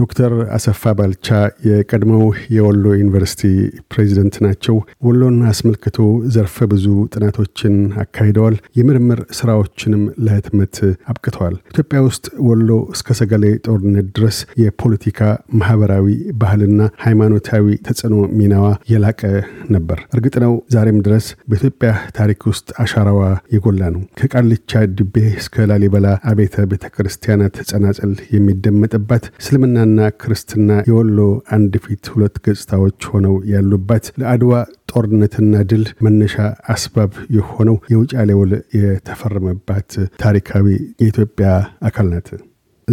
ዶክተር አሰፋ ባልቻ የቀድሞው የወሎ ዩኒቨርሲቲ ፕሬዚደንት ናቸው። ወሎን አስመልክቶ ዘርፈ ብዙ ጥናቶችን አካሂደዋል። የምርምር ስራዎችንም ለህትመት አብቅተዋል። ኢትዮጵያ ውስጥ ወሎ እስከ ሰገሌ ጦርነት ድረስ የፖለቲካ ማህበራዊ፣ ባህልና ሃይማኖታዊ ተጽዕኖ ሚናዋ የላቀ ነበር። እርግጥ ነው ዛሬም ድረስ በኢትዮጵያ ታሪክ ውስጥ አሻራዋ የጎላ ነው። ከቃልቻ ድቤ እስከ ላሊበላ አቤተ ቤተ ክርስቲያናት ጸናጽል የሚደመጥባት እስልምና እስልምናና ክርስትና የወሎ አንድ ፊት ሁለት ገጽታዎች ሆነው ያሉባት ለአድዋ ጦርነትና ድል መነሻ አስባብ የሆነው የውጫሌ ውል የተፈረመባት ታሪካዊ የኢትዮጵያ አካል ናት።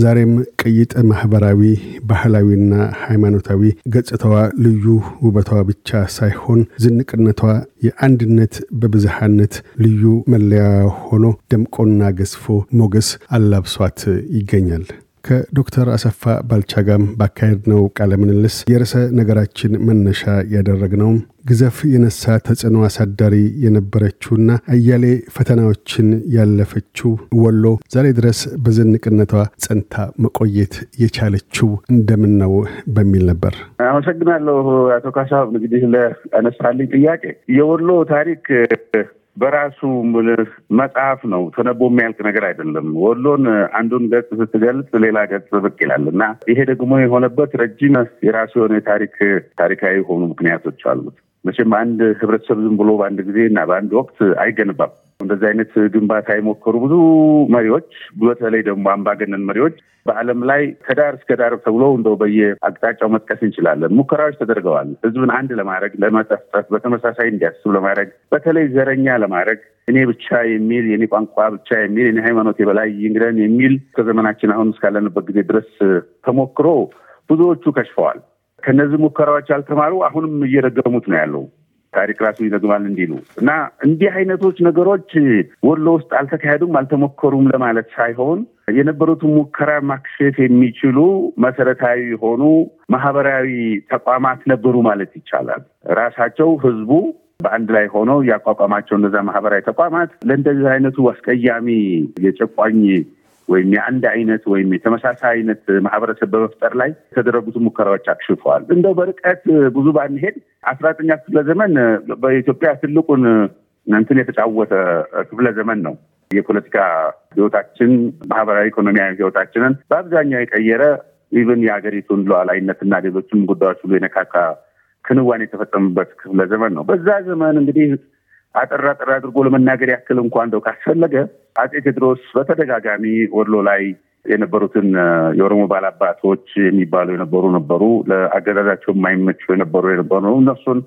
ዛሬም ቅይጥ ማህበራዊ፣ ባህላዊና ሃይማኖታዊ ገጽታዋ ልዩ ውበቷ ብቻ ሳይሆን ዝንቅነቷ የአንድነት በብዝሃነት ልዩ መለያ ሆኖ ደምቆና ገዝፎ ሞገስ አላብሷት ይገኛል። ከዶክተር አሰፋ ባልቻ ጋም ነው ቃለ ምልልስ የርዕሰ ነገራችን መነሻ ነው ግዘፍ የነሳ ተጽዕኖ አሳዳሪ የነበረችውና አያሌ ፈተናዎችን ያለፈችው ወሎ ዛሬ ድረስ በዝንቅነቷ ጸንታ መቆየት የቻለችው እንደምን ነው በሚል ነበር። አመሰግናለሁ አቶ ካሳብ እንግዲህ ለአነሳልኝ ጥያቄ የወሎ ታሪክ በራሱ መጽሐፍ ነው፣ ተነቦ የሚያልቅ ነገር አይደለም። ወሎን አንዱን ገጽ ስትገልጽ ሌላ ገጽ ብቅ ይላል እና ይሄ ደግሞ የሆነበት ረጅም የራሱ የሆነ የታሪክ ታሪካዊ የሆኑ ምክንያቶች አሉት። መቼም አንድ ህብረተሰብ ዝም ብሎ በአንድ ጊዜ እና በአንድ ወቅት አይገነባም። እንደዚህ አይነት ግንባታ የሞከሩ ብዙ መሪዎች፣ በተለይ ደግሞ አምባገነን መሪዎች በዓለም ላይ ከዳር እስከ ዳር ተብሎ እንደው በየአቅጣጫው መጥቀስ እንችላለን። ሙከራዎች ተደርገዋል። ህዝብን አንድ ለማድረግ፣ ለመጠፍጠፍ፣ በተመሳሳይ እንዲያስብ ለማድረግ፣ በተለይ ዘረኛ ለማድረግ እኔ ብቻ የሚል የኔ ቋንቋ ብቻ የሚል የኔ ሃይማኖት የበላይ ይንግረን የሚል ከዘመናችን አሁን እስካለንበት ጊዜ ድረስ ተሞክሮ ብዙዎቹ ከሽፈዋል። ከነዚህ ሙከራዎች ያልተማሩ አሁንም እየደገሙት ነው ያለው። ታሪክ ራሱ ይዘግባል እንዲሉ እና እንዲህ አይነቶች ነገሮች ወሎ ውስጥ አልተካሄዱም፣ አልተሞከሩም ለማለት ሳይሆን የነበሩትን ሙከራ ማክሸፍ የሚችሉ መሰረታዊ የሆኑ ማህበራዊ ተቋማት ነበሩ ማለት ይቻላል። ራሳቸው ህዝቡ በአንድ ላይ ሆነው ያቋቋማቸው እነዛ ማህበራዊ ተቋማት ለእንደዚህ አይነቱ አስቀያሚ የጨቋኝ ወይም የአንድ አይነት ወይም የተመሳሳይ አይነት ማህበረሰብ በመፍጠር ላይ የተደረጉት ሙከራዎች አክሽፈዋል። እንደው በርቀት ብዙ ባንሄድ አስራ ዘጠነኛ ክፍለ ዘመን በኢትዮጵያ ትልቁን እንትን የተጫወተ ክፍለ ዘመን ነው። የፖለቲካ ህይወታችን፣ ማህበራዊ ኢኮኖሚያዊ ህይወታችንን በአብዛኛው የቀየረ ኢቨን የሀገሪቱን ሉዓላዊነትና ሌሎችም ጉዳዮች ሁሉ የነካካ ክንዋን የተፈጸሙበት ክፍለ ዘመን ነው። በዛ ዘመን እንግዲህ አጠር አጠር አድርጎ ለመናገር ያክል እንኳን እንደው ካስፈለገ አጼ ቴዎድሮስ በተደጋጋሚ ወሎ ላይ የነበሩትን የኦሮሞ ባላባቶች የሚባሉ የነበሩ ነበሩ። ለአገዳዳቸው የማይመቹ የነበሩ የነበሩ እነሱን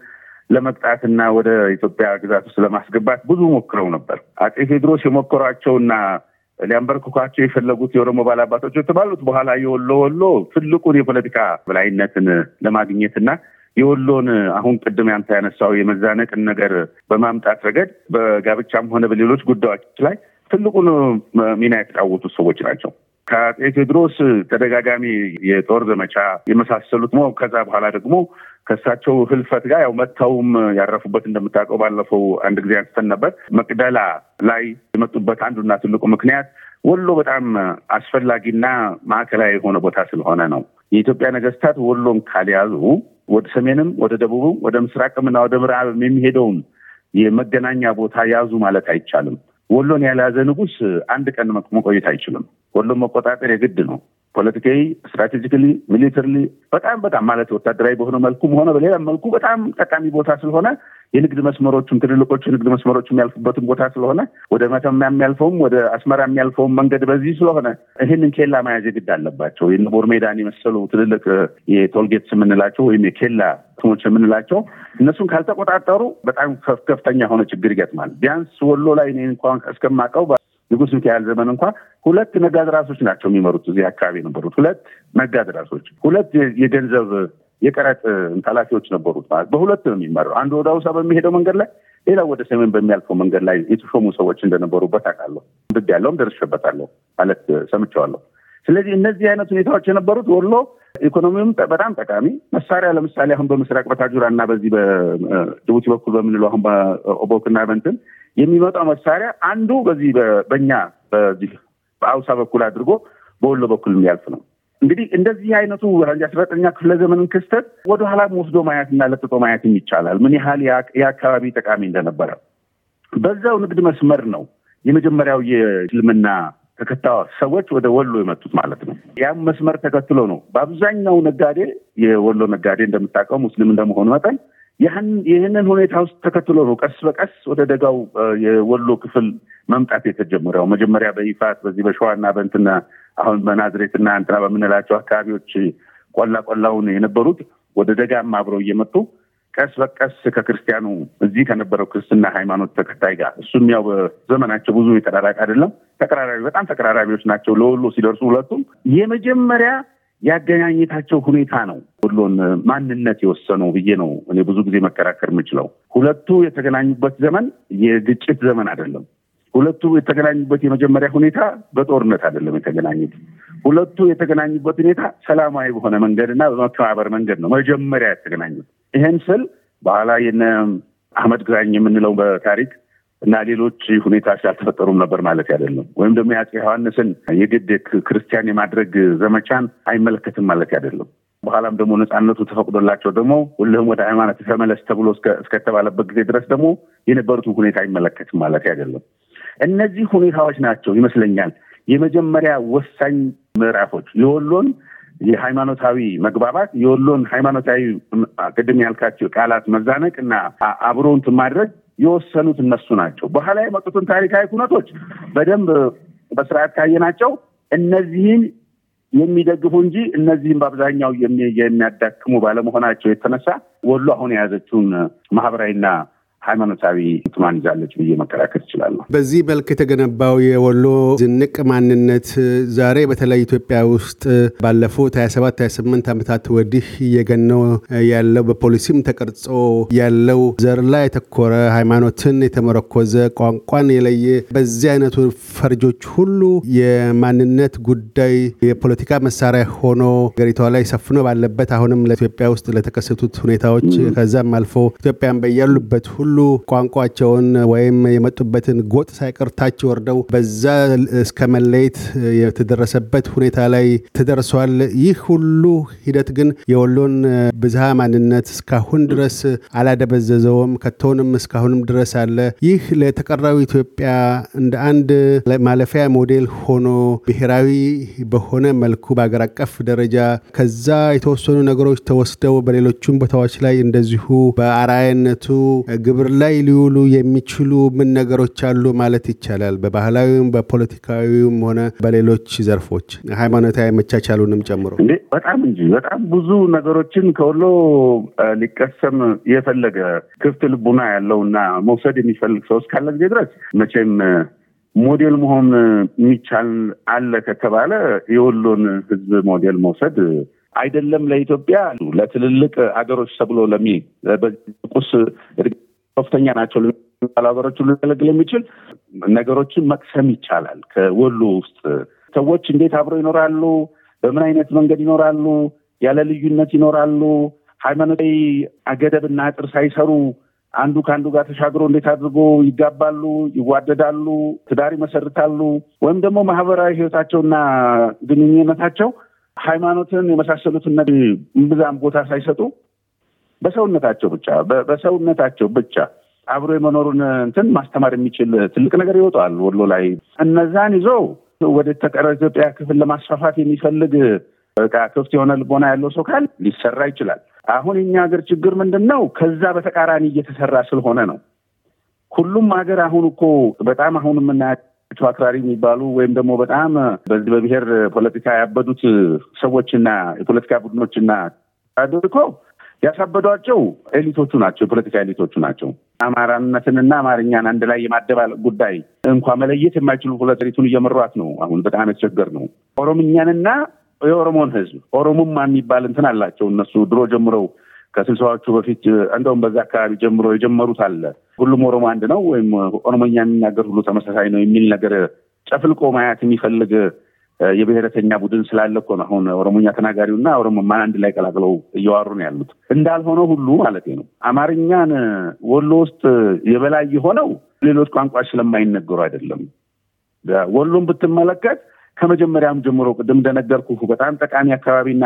ለመቅጣትና ወደ ኢትዮጵያ ግዛት ውስጥ ለማስገባት ብዙ ሞክረው ነበር። አጼ ቴዎድሮስ የሞከሯቸውና ሊያንበርክኳቸው የፈለጉት የኦሮሞ ባላባቶች የተባሉት በኋላ የወሎ ወሎ ትልቁን የፖለቲካ በላይነትን ለማግኘትና የወሎን አሁን ቅድም ያንተ ያነሳው የመዛነቅን ነገር በማምጣት ረገድ በጋብቻም ሆነ በሌሎች ጉዳዮች ላይ ትልቁን ሚና የተጫወቱ ሰዎች ናቸው። ከአጼ ቴዎድሮስ ተደጋጋሚ የጦር ዘመቻ የመሳሰሉት ነው። ከዛ በኋላ ደግሞ ከእሳቸው ህልፈት ጋር ያው መጥተውም ያረፉበት እንደምታውቀው ባለፈው አንድ ጊዜ አንስተን ነበር። መቅደላ ላይ የመጡበት አንዱና ትልቁ ምክንያት ወሎ በጣም አስፈላጊና ማዕከላዊ የሆነ ቦታ ስለሆነ ነው። የኢትዮጵያ ነገስታት ወሎን ካልያዙ ወደ ሰሜንም ወደ ደቡብም ወደ ምስራቅምና ወደ ምዕራብም የሚሄደውን የመገናኛ ቦታ ያዙ ማለት አይቻልም። ወሎን ያልያዘ ንጉስ አንድ ቀን መቆየት አይችልም። ወሎን መቆጣጠር የግድ ነው። ፖለቲካዊ፣ ስትራቴጂካሊ፣ ሚሊተርሊ በጣም በጣም ማለት ወታደራዊ በሆነ መልኩም ሆነ በሌላም መልኩ በጣም ጠቃሚ ቦታ ስለሆነ የንግድ መስመሮቹም ትልልቆቹ የንግድ መስመሮች የሚያልፉበትን ቦታ ስለሆነ ወደ መተማ የሚያልፈውም ወደ አስመራ የሚያልፈውም መንገድ በዚህ ስለሆነ ይህንን ኬላ መያዝ የግድ አለባቸው። የቦር ሜዳን የመሰሉ ትልልቅ የቶልጌትስ የምንላቸው ወይም የኬላ ትሞች የምንላቸው እነሱን ካልተቆጣጠሩ በጣም ከፍተኛ የሆነ ችግር ይገጥማል። ቢያንስ ወሎ ላይ እኔ እንኳን እስከማውቀው ንጉስ ሚካኤል ዘመን እንኳ ሁለት ነጋድ ራሶች ናቸው የሚመሩት እዚህ አካባቢ የነበሩት ሁለት ነጋድ ራሶች፣ ሁለት የገንዘብ የቀረጥ ኃላፊዎች ነበሩት። ማለት በሁለት ነው የሚመራው። አንዱ ወደ አውሳ በሚሄደው መንገድ ላይ፣ ሌላው ወደ ሰሜን በሚያልፈው መንገድ ላይ የተሾሙ ሰዎች እንደነበሩበት አውቃለሁ። ብድ ያለውም ደርሸበታለሁ ማለት ሰምቸዋለሁ ስለዚህ እነዚህ አይነት ሁኔታዎች የነበሩት ወሎ ኢኮኖሚውም በጣም ጠቃሚ መሳሪያ ለምሳሌ አሁን በምስራቅ በታጁራ እና በዚህ በጅቡቲ በኩል በምንለው አሁን በኦቦክና በንትን የሚመጣው መሳሪያ አንዱ በዚህ በእኛ በዚህ በአውሳ በኩል አድርጎ በወሎ በኩል የሚያልፍ ነው። እንግዲህ እንደዚህ አይነቱ አስራ ዘጠነኛ ክፍለ ዘመንን ክስተት ወደኋላ ወስዶ ማየትና ለጥጦ ማየት ይቻላል፣ ምን ያህል የአካባቢ ጠቃሚ እንደነበረ። በዛው ንግድ መስመር ነው የመጀመሪያው የእስልምና ተከታዮች ሰዎች ወደ ወሎ የመጡት ማለት ነው። ያም መስመር ተከትሎ ነው። በአብዛኛው ነጋዴ የወሎ ነጋዴ እንደምታውቀው ሙስሊም እንደመሆኑ መጠን ይህንን ሁኔታ ውስጥ ተከትሎ ነው ቀስ በቀስ ወደ ደጋው የወሎ ክፍል መምጣት የተጀመረው። መጀመሪያ በይፋት በዚህ በሸዋና በእንትና አሁን በናዝሬትና እንትና በምንላቸው አካባቢዎች ቆላ ቆላውን የነበሩት ወደ ደጋም አብረው እየመጡ ቀስ በቀስ ከክርስቲያኑ እዚህ ከነበረው ክርስትና ሃይማኖት ተከታይ ጋር እሱም ያው በዘመናቸው ብዙ የተራራቀ አይደለም፣ ተቀራራቢ በጣም ተቀራራቢዎች ናቸው። ለወሎ ሲደርሱ ሁለቱም የመጀመሪያ ያገናኘታቸው ሁኔታ ነው ወሎን ማንነት የወሰነው ብዬ ነው እኔ ብዙ ጊዜ መከራከር የምችለው። ሁለቱ የተገናኙበት ዘመን የግጭት ዘመን አይደለም። ሁለቱ የተገናኙበት የመጀመሪያ ሁኔታ በጦርነት አይደለም የተገናኙት። ሁለቱ የተገናኙበት ሁኔታ ሰላማዊ በሆነ መንገድና በመከባበር መንገድ ነው መጀመሪያ የተገናኙት። ይህን ስል በኋላ የነ አህመድ ግራኝ የምንለው በታሪክ እና ሌሎች ሁኔታዎች አልተፈጠሩም ነበር ማለት አይደለም። ወይም ደግሞ የአፄ ዮሐንስን የግድ ክርስቲያን የማድረግ ዘመቻን አይመለከትም ማለት አይደለም። በኋላም ደግሞ ነፃነቱ ተፈቅዶላቸው ደግሞ ሁልህም ወደ ሃይማኖት ተመለስ ተብሎ እስከተባለበት ጊዜ ድረስ ደግሞ የነበሩትን ሁኔታ አይመለከትም ማለት አይደለም። እነዚህ ሁኔታዎች ናቸው ይመስለኛል የመጀመሪያ ወሳኝ ምዕራፎች የወሎን የሃይማኖታዊ መግባባት የወሎን ሃይማኖታዊ ቅድም ያልካቸው ቃላት መዛነቅ እና አብሮ ማድረግ የወሰኑት እነሱ ናቸው። በኋላ የመጡትን ታሪካዊ ኩነቶች በደንብ በስርዓት ካየናቸው እነዚህን የሚደግፉ እንጂ እነዚህም በአብዛኛው የሚያዳክሙ ባለመሆናቸው የተነሳ ወሎ አሁን የያዘችውን ማህበራዊና ሃይማኖታዊ ትማን ይዛለች ብዬ መከራከር እችላለሁ። በዚህ መልክ የተገነባው የወሎ ዝንቅ ማንነት ዛሬ በተለይ ኢትዮጵያ ውስጥ ባለፉት 27 28 ዓመታት ወዲህ እየገነው ያለው በፖሊሲም ተቀርጾ ያለው ዘር ላይ የተኮረ ሃይማኖትን የተመረኮዘ ቋንቋን የለየ በዚህ አይነቱ ፈርጆች ሁሉ የማንነት ጉዳይ የፖለቲካ መሳሪያ ሆኖ ሀገሪቷ ላይ ሰፍኖ ባለበት አሁንም ለኢትዮጵያ ውስጥ ለተከሰቱት ሁኔታዎች ከዛም አልፎ ኢትዮጵያን በያሉበት ሁሉ ሁሉ ቋንቋቸውን ወይም የመጡበትን ጎጥ ሳይቀርታች ወርደው በዛ እስከ መለየት የተደረሰበት ሁኔታ ላይ ተደርሷል። ይህ ሁሉ ሂደት ግን የወሎን ብዝሃ ማንነት እስካሁን ድረስ አላደበዘዘውም። ከቶንም እስካሁንም ድረስ አለ። ይህ ለተቀራዊ ኢትዮጵያ እንደ አንድ ማለፊያ ሞዴል ሆኖ ብሔራዊ በሆነ መልኩ በአገር አቀፍ ደረጃ ከዛ የተወሰኑ ነገሮች ተወስደው በሌሎቹም ቦታዎች ላይ እንደዚሁ በአራያነቱ ግብር ግብር ላይ ሊውሉ የሚችሉ ምን ነገሮች አሉ ማለት ይቻላል? በባህላዊም በፖለቲካዊም ሆነ በሌሎች ዘርፎች ሃይማኖታዊ መቻቻሉንም ጨምሮ እንዴ በጣም እንጂ በጣም ብዙ ነገሮችን ከወሎ ሊቀሰም የፈለገ ክፍት ልቡና ያለውና መውሰድ የሚፈልግ ሰው እስካለ ጊዜ ድረስ መቼም ሞዴል መሆን የሚቻል አለ ከተባለ የወሎን ህዝብ ሞዴል መውሰድ አይደለም ለኢትዮጵያ ለትልልቅ አገሮች ተብሎ ለሚ በቁስ ከፍተኛ ናቸው የሚባሉ ሀገሮች ሁሉ የሚችል ነገሮችን መቅሰም ይቻላል። ከወሎ ውስጥ ሰዎች እንዴት አብረው ይኖራሉ፣ በምን አይነት መንገድ ይኖራሉ፣ ያለ ልዩነት ይኖራሉ፣ ሃይማኖታዊ ገደብና አጥር ሳይሰሩ አንዱ ከአንዱ ጋር ተሻግሮ እንዴት አድርጎ ይጋባሉ፣ ይዋደዳሉ፣ ትዳር ይመሰርታሉ፣ ወይም ደግሞ ማህበራዊ ህይወታቸውና ግንኙነታቸው ሃይማኖትን የመሳሰሉትን ብዛም ቦታ ሳይሰጡ በሰውነታቸው ብቻ በሰውነታቸው ብቻ አብሮ የመኖሩን እንትን ማስተማር የሚችል ትልቅ ነገር ይወጣል። ወሎ ላይ እነዛን ይዞ ወደ ተቀረ ኢትዮጵያ ክፍል ለማስፋፋት የሚፈልግ በቃ ክፍት የሆነ ልቦና ያለው ሰው ካል ሊሰራ ይችላል። አሁን የኛ ሀገር ችግር ምንድን ነው? ከዛ በተቃራኒ እየተሰራ ስለሆነ ነው። ሁሉም ሀገር አሁን እኮ በጣም አሁን የምናያቸው አክራሪ የሚባሉ ወይም ደግሞ በጣም በዚህ በብሔር ፖለቲካ ያበዱት ሰዎችና የፖለቲካ ቡድኖችና እኮ ያሳበዷቸው ኤሊቶቹ ናቸው፣ የፖለቲካ ኤሊቶቹ ናቸው። አማራነትንና አማርኛን አንድ ላይ የማደባለቅ ጉዳይ እንኳ መለየት የማይችሉ ፖለቲቱን እየመሯት ነው። አሁን በጣም የተቸገር ነው። ኦሮምኛንና የኦሮሞን ህዝብ ኦሮሙማ የሚባል እንትን አላቸው እነሱ ድሮ ጀምረው ከስልሳዎቹ በፊት እንደውም በዛ አካባቢ ጀምሮ የጀመሩት አለ። ሁሉም ኦሮሞ አንድ ነው ወይም ኦሮሞኛ የሚናገር ሁሉ ተመሳሳይ ነው የሚል ነገር ጨፍልቆ ማየት የሚፈልግ የብሔረተኛ ቡድን ስላለ እኮ ነው አሁን ኦሮሞኛ ተናጋሪውና ኦሮሞማን አንድ ላይ ቀላቅለው እየዋሩ ነው ያሉት። እንዳልሆነ ሁሉ ማለት ነው አማርኛን ወሎ ውስጥ የበላይ የሆነው ሌሎች ቋንቋ ስለማይነገሩ አይደለም። ወሎን ብትመለከት ከመጀመሪያም ጀምሮ ቅድም እንደነገርኩ በጣም ጠቃሚ አካባቢና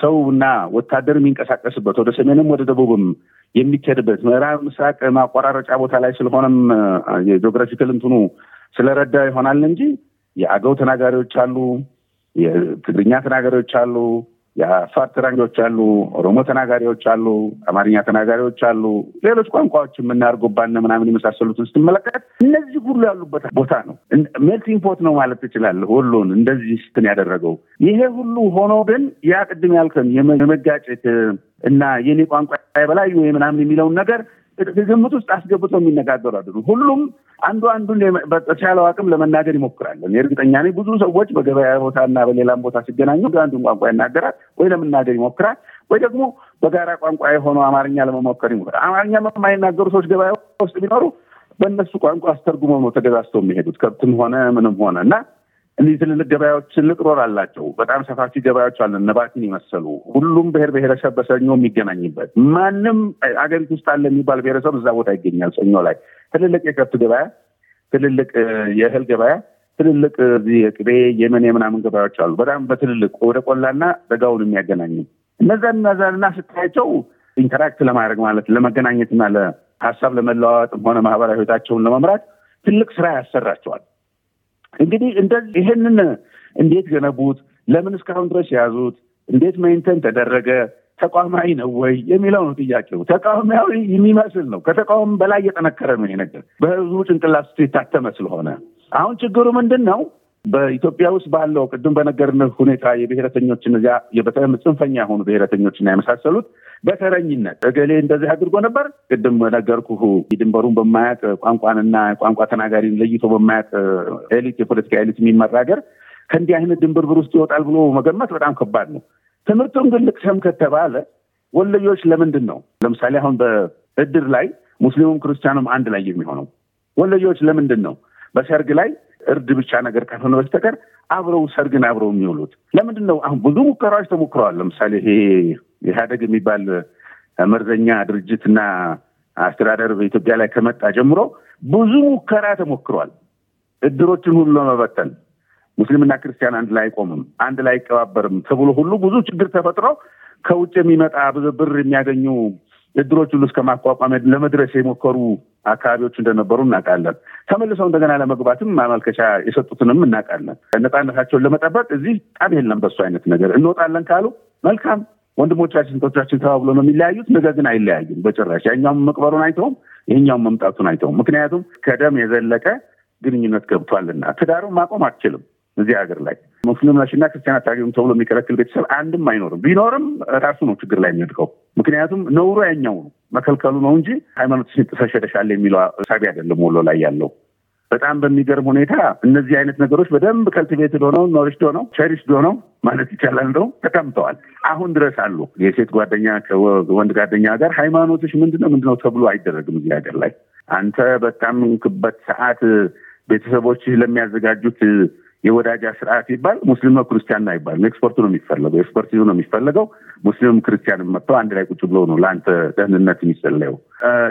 ሰውና ወታደር የሚንቀሳቀስበት ወደ ሰሜንም ወደ ደቡብም የሚካሄድበት ምዕራብ ምስራቅ ማቆራረጫ ቦታ ላይ ስለሆነም የጂኦግራፊክል እንትኑ ስለረዳ ይሆናል እንጂ የአገው ተናጋሪዎች አሉ፣ የትግርኛ ተናጋሪዎች አሉ፣ የአፋር ተናጋሪዎች አሉ፣ ኦሮሞ ተናጋሪዎች አሉ፣ አማርኛ ተናጋሪዎች አሉ፣ ሌሎች ቋንቋዎች የምናርጎባና ምናምን የመሳሰሉትን ስትመለከት እነዚህ ሁሉ ያሉበት ቦታ ነው። ሜልቲንግ ፖት ነው ማለት ትችላለህ። ሁሉን እንደዚህ ስትን ያደረገው ይሄ ሁሉ ሆኖ ግን ያ ቅድም ያልከን የመጋጨት እና የኔ ቋንቋ በላይ ወይ ምናምን የሚለውን ነገር ግምት ውስጥ አስገብተው የሚነጋገሩ አይደሉም። ሁሉም አንዱ አንዱን በተቻለው አቅም ለመናገር ይሞክራለን። እርግጠኛ ነኝ ብዙ ሰዎች በገበያ ቦታና በሌላም ቦታ ሲገናኙ አንዱን ቋንቋ ይናገራል ወይ ለመናገር ይሞክራል ወይ ደግሞ በጋራ ቋንቋ የሆነው አማርኛ ለመሞከር ይሞክራል። አማርኛ የማይናገሩ ሰዎች ገበያ ውስጥ ቢኖሩ በእነሱ ቋንቋ አስተርጉመው ነው ተገዛዝተው የሚሄዱት ከብትም ሆነ ምንም ሆነ እና እነዚህ ትልልቅ ገበያዎች ትልቅ ሮል አላቸው። በጣም ሰፋፊ ገበያዎች አለ። ነባቲን የመሰሉ ሁሉም ብሔር ብሔረሰብ በሰኞ የሚገናኝበት ማንም አገሪቱ ውስጥ አለ የሚባል ብሔረሰብ እዛ ቦታ ይገኛል። ሰኞ ላይ ትልልቅ የከብት ገበያ፣ ትልልቅ የእህል ገበያ፣ ትልልቅ የቅቤ የምን የምናምን ገበያዎች አሉ። በጣም በትልልቅ ወደ ቆላና በጋውን የሚያገናኙ እነዛን እነዛንና ስታያቸው ኢንተራክት ለማድረግ ማለት ለመገናኘትና ለሀሳብ ለመለዋወጥም ሆነ ማህበራዊ ህይወታቸውን ለመምራት ትልቅ ስራ ያሰራቸዋል። እንግዲህ እንደዚህ ይህንን እንዴት ገነቡት? ለምን እስካሁን ድረስ የያዙት? እንዴት ሜንተን ተደረገ? ተቋማዊ ነው ወይ የሚለው ነው ጥያቄው። ተቋማዊ የሚመስል ነው። ከተቃውም በላይ የጠነከረ ነው ይሄ ነገር በህዝቡ ጭንቅላት ውስጥ የታተመ ስለሆነ አሁን ችግሩ ምንድን ነው? በኢትዮጵያ ውስጥ ባለው ቅድም በነገርንህ ሁኔታ የብሔረተኞችን እዚያ በተለይም ጽንፈኛ የሆኑ ብሔረተኞችና የመሳሰሉት በተረኝነት እገሌ እንደዚህ አድርጎ ነበር። ቅድም ነገርኩህ ድንበሩን በማያቅ ቋንቋንና ቋንቋ ተናጋሪን ለይቶ በማያቅ ኤሊት የፖለቲካ ኤሊት የሚመራ ሀገር ከእንዲህ አይነት ድንብርብር ውስጥ ይወጣል ብሎ መገመት በጣም ከባድ ነው። ትምህርቱን ግን ልቅሰም ከተባለ ወለዮች ለምንድን ነው ለምሳሌ አሁን በእድር ላይ ሙስሊሙም ክርስቲያኑም አንድ ላይ የሚሆነው ወለዮች ለምንድን ነው በሰርግ ላይ እርድ ብቻ ነገር ካልሆነ በስተቀር አብረው ሰርግን አብረው የሚውሉት ለምንድን ነው? አሁን ብዙ ሙከራዎች ተሞክረዋል። ለምሳሌ ይሄ ኢህአደግ የሚባል መርዘኛ ድርጅትና አስተዳደር በኢትዮጵያ ላይ ከመጣ ጀምሮ ብዙ ሙከራ ተሞክሯል። እድሮችን ሁሉ ለመበተን ሙስሊምና ክርስቲያን አንድ ላይ አይቆምም፣ አንድ ላይ አይቀባበርም ተብሎ ሁሉ ብዙ ችግር ተፈጥሮ ከውጭ የሚመጣ ብር የሚያገኙ እድሮች ሁሉ እስከ ማቋቋም ለመድረስ የሞከሩ አካባቢዎች እንደነበሩ እናውቃለን። ተመልሰው እንደገና ለመግባትም ማመልከቻ የሰጡትንም እናውቃለን። ነፃነታቸውን ለመጠበቅ እዚህ ጣም የለም በሱ አይነት ነገር እንወጣለን ካሉ መልካም ወንድሞቻችን ቶቻችን ተባብሎ ነው የሚለያዩት። ነገር ግን አይለያዩም በጭራሽ። ያኛውም መቅበሩን አይተውም፣ ይህኛውም መምጣቱን አይተውም። ምክንያቱም ከደም የዘለቀ ግንኙነት ገብቷልና ትዳሩን ማቆም አትችልም እዚህ ሀገር ላይ ሙስሊም ሙስሊሞችና ክርስቲያናት አታገኙም ተብሎ የሚከለክል ቤተሰብ አንድም አይኖርም። ቢኖርም ራሱ ነው ችግር ላይ የሚወድቀው። ምክንያቱም ነውሩ ያኛው ነው መከልከሉ ነው እንጂ ሃይማኖት ተሸደሻለ የሚለው ሳቢ አይደለም ወሎ ላይ ያለው በጣም በሚገርም ሁኔታ እነዚህ አይነት ነገሮች በደንብ ከልቲቬትድ ሆነው ኖሪሽድ ሆነው ቸሪሽድ ሆነው ማለት ይቻላል እንደው ተቀምጠዋል። አሁን ድረስ አሉ። የሴት ጓደኛ ከወንድ ጓደኛ ጋር ሃይማኖቶች ምንድነው ምንድነው ተብሎ አይደረግም እዚህ ሀገር ላይ አንተ በጣም ክበት ሰዓት ቤተሰቦች ለሚያዘጋጁት የወዳጃ ስርዓት ይባል ሙስሊም ነው ክርስቲያን ነው አይባልም። ኤክስፐርቱ ነው የሚፈለገው፣ ኤክስፐርቲዙ ነው የሚፈለገው። ሙስሊምም ክርስቲያንም መጥተው አንድ ላይ ቁጭ ብሎ ነው ለአንተ ደህንነት የሚጸለየው።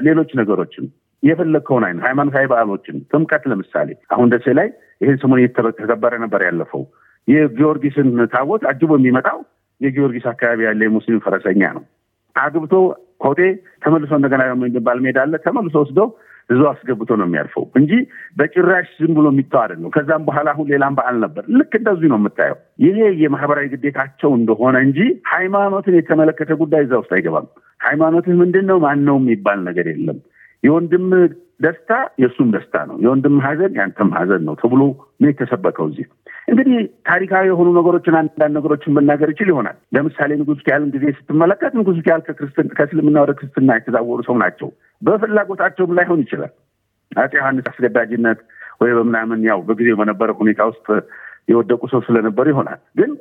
ሌሎች ነገሮችም የፈለግከውን አይነት ሃይማኖታዊ በዓሎችን ጥምቀት ለምሳሌ አሁን ደሴ ላይ ይህን ሰሞን እየተከበረ ነበር ያለፈው። የጊዮርጊስን ታቦት አጅቦ የሚመጣው የጊዮርጊስ አካባቢ ያለ የሙስሊም ፈረሰኛ ነው። አግብቶ ኮቴ ተመልሶ እንደገና ባልሜዳ ሜዳ አለ ተመልሶ ወስደው እዛው አስገብቶ ነው የሚያልፈው እንጂ በጭራሽ ዝም ብሎ የሚተው ነው። ከዛም በኋላ አሁን ሌላም በዓል ነበር። ልክ እንደዚህ ነው የምታየው። ይሄ የማህበራዊ ግዴታቸው እንደሆነ እንጂ ሃይማኖትን የተመለከተ ጉዳይ እዛ ውስጥ አይገባም። ሃይማኖትህ ምንድን ነው ማን ነው የሚባል ነገር የለም። የወንድም ደስታ የእሱም ደስታ ነው፣ የወንድም ሀዘን ያንተም ሀዘን ነው ተብሎ ምን የተሰበከው እዚህ እንግዲህ ታሪካዊ የሆኑ ነገሮችን አንዳንድ ነገሮችን መናገር ይችል ይሆናል። ለምሳሌ ንጉስ ኪያልን ጊዜ ስትመለከት ንጉስ ኪያል ከእስልምና ወደ ክርስትና የተዛወሩ ሰው ናቸው። በፍላጎታቸውም ላይሆን ይችላል። አፄ ዮሐንስ አስገዳጅነት ወይ በምናምን ያው በጊዜው በነበረ ሁኔታ ውስጥ የወደቁ ሰው ስለነበሩ ይሆናል ግን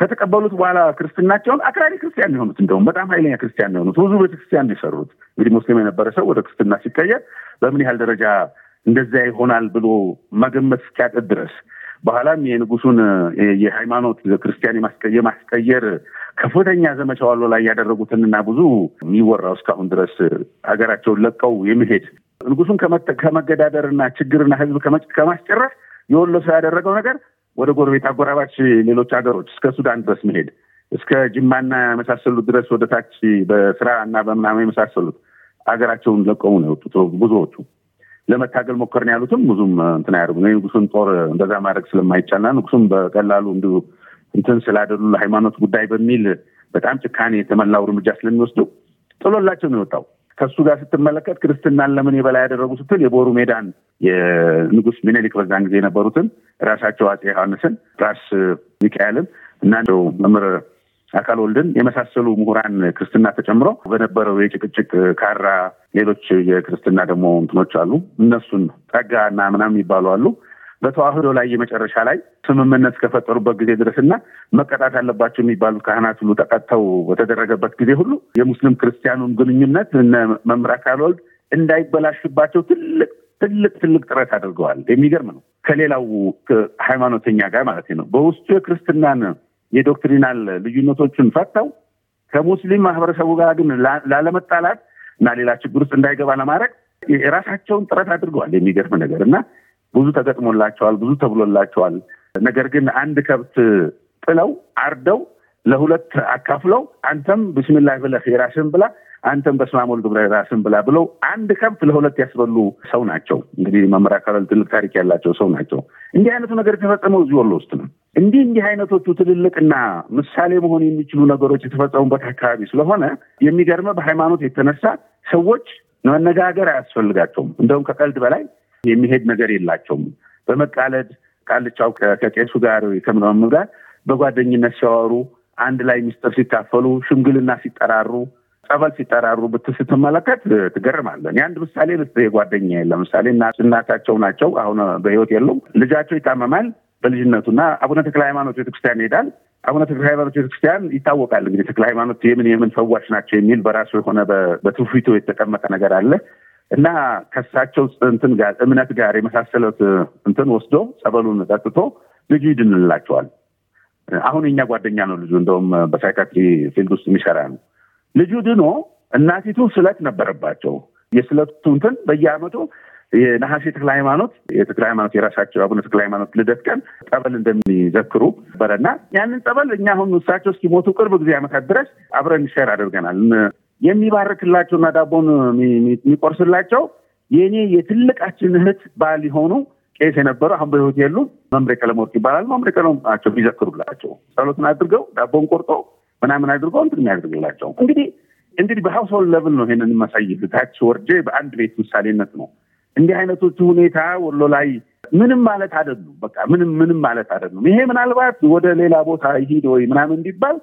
ከተቀበሉት በኋላ ክርስትናቸውን አክራሪ ክርስቲያን የሆኑት እንደውም በጣም ኃይለኛ ክርስቲያን የሆኑት ብዙ ቤተክርስቲያን የሰሩት እንግዲህ ሙስሊም የነበረ ሰው ወደ ክርስትና ሲቀየር በምን ያህል ደረጃ እንደዚያ ይሆናል ብሎ መገመት እስኪያጠጥ ድረስ በኋላም የንጉሱን የሃይማኖት ክርስቲያን የማስቀየር ከፍተኛ ዘመቻ ዋሎ ላይ ያደረጉትንና ብዙ የሚወራው እስካሁን ድረስ ሀገራቸውን ለቀው የመሄድ ንጉሱን ከመገዳደርና ችግርና ህዝብ ከማስጨረስ የወሎ ሰው ያደረገው ነገር ወደ ጎረቤት አጎራባች ሌሎች ሀገሮች እስከ ሱዳን ድረስ መሄድ እስከ ጅማና የመሳሰሉት ድረስ ወደ ታች በስራ እና በምናምን የመሳሰሉት ሀገራቸውን ለቀሙ ነው የወጡት ብዙዎቹ። ለመታገል ሞከርን ያሉትም ብዙም እንትን አያደርጉ የንጉሱን ጦር እንደዛ ማድረግ ስለማይቻልና ንጉሱም በቀላሉ እንዲ እንትን ስላደሉ ለሃይማኖት ጉዳይ በሚል በጣም ጭካኔ የተመላው እርምጃ ስለሚወስዱ ጥሎላቸው ነው የወጣው። ከሱ ጋር ስትመለከት ክርስትናን ለምን የበላይ ያደረጉ ስትል የቦሩ ሜዳን የንጉስ ሚኒሊክ በዛን ጊዜ የነበሩትን ራሳቸው አፄ ዮሐንስን ራስ ሚካኤልን እና መምህር አካል ወልድን የመሳሰሉ ምሁራን ክርስትና ተጨምሮ በነበረው የጭቅጭቅ ካራ፣ ሌሎች የክርስትና ደግሞ እንትኖች አሉ። እነሱን እና ምናምን ይባሉ አሉ በተዋህዶ ላይ የመጨረሻ ላይ ስምምነት ከፈጠሩበት ጊዜ ድረስና መቀጣት አለባቸው የሚባሉት ካህናት ሁሉ ተቀጥተው በተደረገበት ጊዜ ሁሉ የሙስሊም ክርስቲያኑን ግንኙነት እነ መምህር አካል ወልድ እንዳይበላሽባቸው ትልቅ ትልቅ ትልቅ ጥረት አድርገዋል። የሚገርም ነው። ከሌላው ሃይማኖተኛ ጋር ማለት ነው። በውስጡ የክርስትናን የዶክትሪናል ልዩነቶችን ፈተው ከሙስሊም ማህበረሰቡ ጋር ግን ላለመጣላት እና ሌላ ችግር ውስጥ እንዳይገባ ለማድረግ የራሳቸውን ጥረት አድርገዋል። የሚገርም ነገር እና ብዙ ተገጥሞላቸዋል፣ ብዙ ተብሎላቸዋል። ነገር ግን አንድ ከብት ጥለው አርደው ለሁለት አካፍለው አንተም ብስሚላህ ብለህ የራስን ብላ አንተም በስማም ወልድ ብለህ ብላ ብለው አንድ ከብት ለሁለት ያስበሉ ሰው ናቸው። እንግዲህ መመሪያ ትልቅ ታሪክ ያላቸው ሰው ናቸው። እንዲህ አይነቱ ነገር የተፈጸመው እዚህ ወሎ ውስጥ ነው። እንዲህ እንዲህ አይነቶቹ ትልልቅና ምሳሌ መሆን የሚችሉ ነገሮች የተፈጸሙበት አካባቢ ስለሆነ የሚገርመ በሃይማኖት የተነሳ ሰዎች መነጋገር አያስፈልጋቸውም። እንደውም ከቀልድ በላይ የሚሄድ ነገር የላቸውም። በመቃለድ ቃልቻው ከቄሱ ጋር ከምናምን ጋር በጓደኝነት ሲያወሩ፣ አንድ ላይ ምስጢር ሲካፈሉ፣ ሽምግልና ሲጠራሩ፣ ጸበል ሲጠራሩ ብት ስትመለከት ትገርማለን። የአንድ ምሳሌ ልስጥ የጓደኛ ለምሳሌ እናታቸው ናቸው። አሁን በህይወት የሉም። ልጃቸው ይታመማል። በልጅነቱና አቡነ ተክለ ሃይማኖት ቤተክርስቲያን ይሄዳል። አቡነ ተክለ ሃይማኖት ቤተክርስቲያን ይታወቃል። እንግዲህ ተክለ ሃይማኖት የምን የምን ሰዋች ናቸው የሚል በራሱ የሆነ በትውፊቱ የተቀመጠ ነገር አለ እና ከሳቸው እንትን ጋር እምነት ጋር የመሳሰለት እንትን ወስዶ ጸበሉን ጠጥቶ ልጁ ይድንላቸዋል። አሁን የኛ ጓደኛ ነው ልጁ እንደውም በሳይካትሪ ፊልድ ውስጥ የሚሰራ ነው። ልጁ ድኖ እናቲቱ ስለት ነበረባቸው። የስለቱ እንትን በየአመቱ የነሐሴ ተክለ ሃይማኖት የተክለ ሃይማኖት የራሳቸው አቡነ ተክለ ሃይማኖት ልደት ቀን ጸበል እንደሚዘክሩ ነበረና ያንን ጸበል እኛ አሁን እሳቸው እስኪሞቱ ቅርብ ጊዜ ዓመታት ድረስ አብረን ሸር አድርገናል። የሚባርክላቸውና ዳቦን የሚቆርስላቸው የእኔ የትልቃችን እህት ባል የሆኑ ቄስ የነበሩ አሁን በህይወት የሉ መምሬ ቀለመወርቅ ይባላል። መምሬ ቀለም ናቸው ቢዘክሩላቸው ጸሎትን አድርገው ዳቦን ቆርጦ ምናምን አድርገው እንትን የሚያደርግላቸው እንግዲህ እንግዲህ በሀውስሆል ለብል ነው ይሄንን የማሳይህ ታች ወርጄ በአንድ ቤት ምሳሌነት ነው እንዲህ አይነቶቹ ሁኔታ ወሎ ላይ ምንም ማለት አይደሉም። በቃ ምንም ምንም ማለት አይደሉም። ይሄ ምናልባት ወደ ሌላ ቦታ ሂድ ወይ ምናምን እንዲባል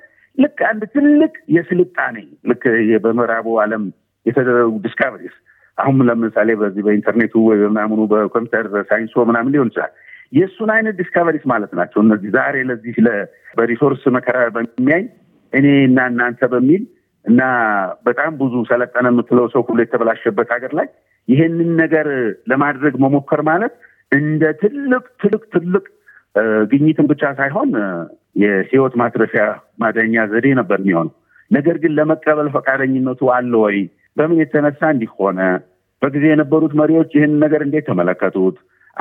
ልክ አንድ ትልቅ የስልጣኔ ልክ በምዕራቡ ዓለም የተደረጉ ዲስካቨሪስ አሁን ለምሳሌ በዚህ በኢንተርኔቱ ወይ በምናምኑ በኮምፒውተር ሳይንሱ ምናምን ሊሆን ይችላል የእሱን አይነት ዲስካቨሪስ ማለት ናቸው እነዚህ ዛሬ ለዚህ በሪሶርስ መከራ በሚያይ እኔ እና እናንተ በሚል እና በጣም ብዙ ሰለጠነ የምትለው ሰው ሁሉ የተበላሸበት ሀገር ላይ ይህንን ነገር ለማድረግ መሞከር ማለት እንደ ትልቅ ትልቅ ትልቅ ግኝትን ብቻ ሳይሆን የህይወት ማትረፊያ ማደኛ ዘዴ ነበር የሚሆነው። ነገር ግን ለመቀበል ፈቃደኝነቱ አለ ወይ? በምን የተነሳ እንዲህ ሆነ? በጊዜ የነበሩት መሪዎች ይህን ነገር እንዴት ተመለከቱት?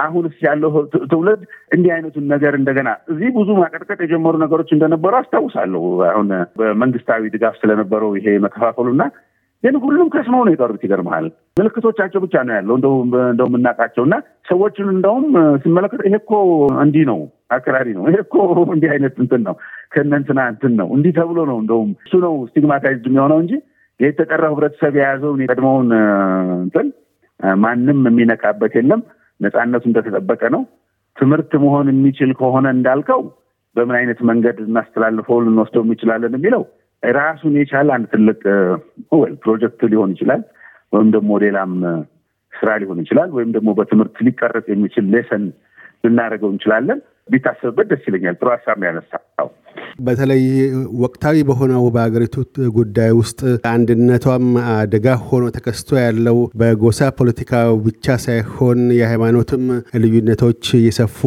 አሁንስ ያለው ትውልድ እንዲህ አይነቱን ነገር እንደገና እዚህ ብዙ ማቀጥቀጥ የጀመሩ ነገሮች እንደነበሩ አስታውሳለሁ። አሁን በመንግስታዊ ድጋፍ ስለነበረው ይሄ መከፋፈሉና ግን ሁሉም ከስመው ነው የቀሩት። ይገርመሃል ምልክቶቻቸው ብቻ ነው ያለው እንደው የምናውቃቸው እና ሰዎችን እንደውም ስመለከት ይሄ እኮ እንዲህ ነው አክራሪ ነው ይሄ እኮ እንዲህ አይነት እንትን ነው ከእነንትና እንትን ነው እንዲህ ተብሎ ነው እንደውም እሱ ነው ስቲግማታይዝድ የሚሆነው እንጂ የተቀረው ህብረተሰብ የያዘውን የቀድሞውን እንትን ማንም የሚነካበት የለም። ነፃነቱ እንደተጠበቀ ነው። ትምህርት መሆን የሚችል ከሆነ እንዳልከው በምን አይነት መንገድ እናስተላልፈው ልንወስደው የሚችላለን የሚለው ራሱን የቻለ አንድ ትልቅ ወይ ፕሮጀክት ሊሆን ይችላል ወይም ደግሞ ሌላም ስራ ሊሆን ይችላል ወይም ደግሞ በትምህርት ሊቀረጽ የሚችል ሌሰን ልናደርገው እንችላለን። ቢታሰብበት ደስ ይለኛል። ጥሩ ሀሳብ ነው ያነሳው። በተለይ ወቅታዊ በሆነው በሀገሪቱ ጉዳይ ውስጥ አንድነቷም አደጋ ሆኖ ተከስቶ ያለው በጎሳ ፖለቲካ ብቻ ሳይሆን የሃይማኖትም ልዩነቶች እየሰፉ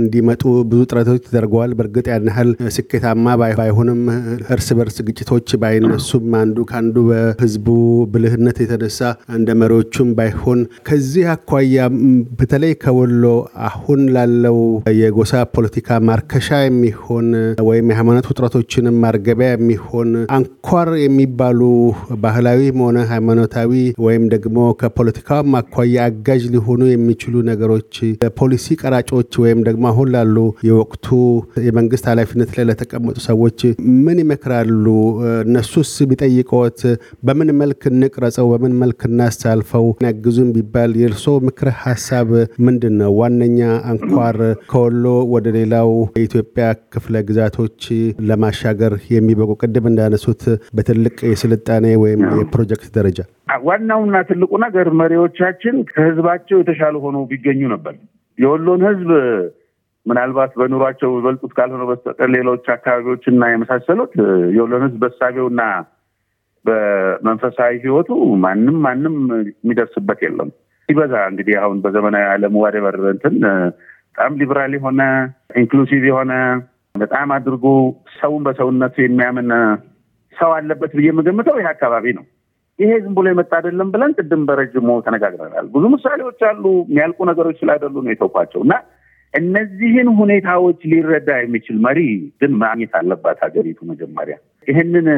እንዲመጡ ብዙ ጥረቶች ተደርገዋል። በእርግጥ ያን ያህል ስኬታማ ባይሆንም እርስ በርስ ግጭቶች ባይነሱም አንዱ ከአንዱ በህዝቡ ብልህነት የተነሳ እንደ መሪዎቹም ባይሆን ከዚህ አኳያ በተለይ ከወሎ አሁን ላለው የጎሳ ፖለቲካ ማርከሻ የሚሆን ወይም የሃይማኖት ውጥረቶችንም ማርገቢያ የሚሆን አንኳር የሚባሉ ባህላዊም ሆነ ሃይማኖታዊ ወይም ደግሞ ከፖለቲካውም አኳያ አጋዥ ሊሆኑ የሚችሉ ነገሮች ፖሊሲ ቀራጮች ወይም ደግሞ አሁን ላሉ የወቅቱ የመንግስት ኃላፊነት ላይ ለተቀመጡ ሰዎች ምን ይመክራሉ? እነሱስ ቢጠይቅዎት በምን መልክ እንቅረጸው፣ በምን መልክ እናስተላልፈው ያግዙን ቢባል የእርሶ ምክረ ሀሳብ ምንድን ነው? ዋነኛ አንኳር ከወሎ ወደ ሌላው የኢትዮጵያ ክፍለ ግዛቶች ለማሻገር የሚበቁ ቅድም እንዳነሱት በትልቅ የስልጣኔ ወይም የፕሮጀክት ደረጃ ዋናውና ትልቁ ነገር መሪዎቻችን ከህዝባቸው የተሻሉ ሆኖ ቢገኙ ነበር። የወሎን ህዝብ ምናልባት በኑሯቸው ይበልጡት ካልሆነ በስተቀር ሌሎች እና የመሳሰሉት የወሎን ህዝብ በሳቢውና በመንፈሳዊ ህይወቱ ማንም ማንም የሚደርስበት የለም። ሲበዛ እንግዲህ አሁን በዘመናዊ አለም ዋደበር እንትን በጣም ሊበራል የሆነ ኢንክሉሲቭ የሆነ በጣም አድርጎ ሰውን በሰውነቱ የሚያምን ሰው አለበት ብዬ የምገምተው ይህ አካባቢ ነው። ይሄ ዝም ብሎ የመጣ አይደለም ብለን ቅድም በረጅሙ ተነጋግረናል። ብዙ ምሳሌዎች አሉ። የሚያልቁ ነገሮች ስላይደሉ ነው የተውኳቸው እና እነዚህን ሁኔታዎች ሊረዳ የሚችል መሪ ግን ማግኘት አለባት ሀገሪቱ መጀመሪያ ይህንን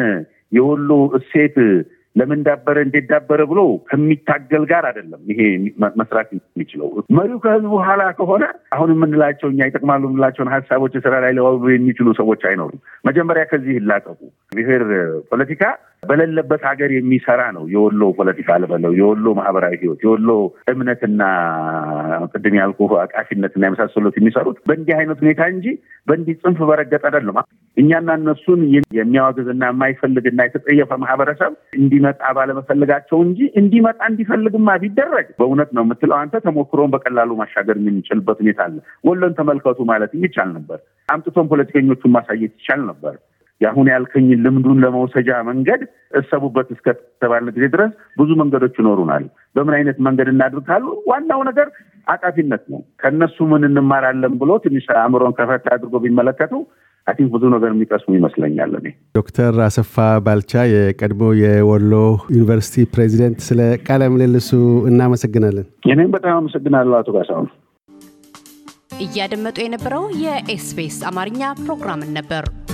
የወሎ እሴት ለምን ዳበረ እንዴት ዳበረ ብሎ ከሚታገል ጋር አይደለም ይሄ መስራት የሚችለው መሪው ከህዝቡ ኋላ ከሆነ አሁን የምንላቸው እኛ ይጠቅማሉ የምንላቸውን ሀሳቦች ስራ ላይ ሊዋሉ የሚችሉ ሰዎች አይኖሩም። መጀመሪያ ከዚህ ይላቀቁ። ብሔር ፖለቲካ በሌለበት ሀገር የሚሰራ ነው የወሎ ፖለቲካ ልበለው፣ የወሎ ማህበራዊ ህይወት፣ የወሎ እምነትና ቅድም ያልኩ አቃፊነትና የመሳሰሉት የሚሰሩት በእንዲህ አይነት ሁኔታ እንጂ በእንዲህ ጽንፍ በረገጠ አይደለም። እኛና እነሱን የሚያዋግዝና የማይፈልግና የተጠየፈ ማህበረሰብ እንዲ እንዲመጣ ባለመፈለጋቸው እንጂ እንዲመጣ እንዲፈልግማ ቢደረግ በእውነት ነው የምትለው አንተ ተሞክሮን በቀላሉ ማሻገር የምንችልበት ሁኔታ አለ። ወሎን ተመልከቱ ማለት ይቻል ነበር። አምጥቶን ፖለቲከኞቹን ማሳየት ይቻል ነበር። የአሁን ያልከኝ ልምዱን ለመውሰጃ መንገድ እሰቡበት እስከተባለ ጊዜ ድረስ ብዙ መንገዶች ይኖሩናል። በምን አይነት መንገድ እናድርጋሉ? ዋናው ነገር አቃፊነት ነው። ከእነሱ ምን እንማራለን ብሎ ትንሽ አእምሮን ከፈት አድርጎ ቢመለከቱ አይ ቲንክ ብዙ ነገር የሚቀስሙ ይመስለኛል። እኔ ዶክተር አሰፋ ባልቻ የቀድሞ የወሎ ዩኒቨርሲቲ ፕሬዚደንት፣ ስለ ቃለ ምልልሱ እናመሰግናለን። እኔም በጣም አመሰግናለሁ አቶ ጋሳሁን። እያደመጡ የነበረው የኤስቢኤስ አማርኛ ፕሮግራምን ነበር።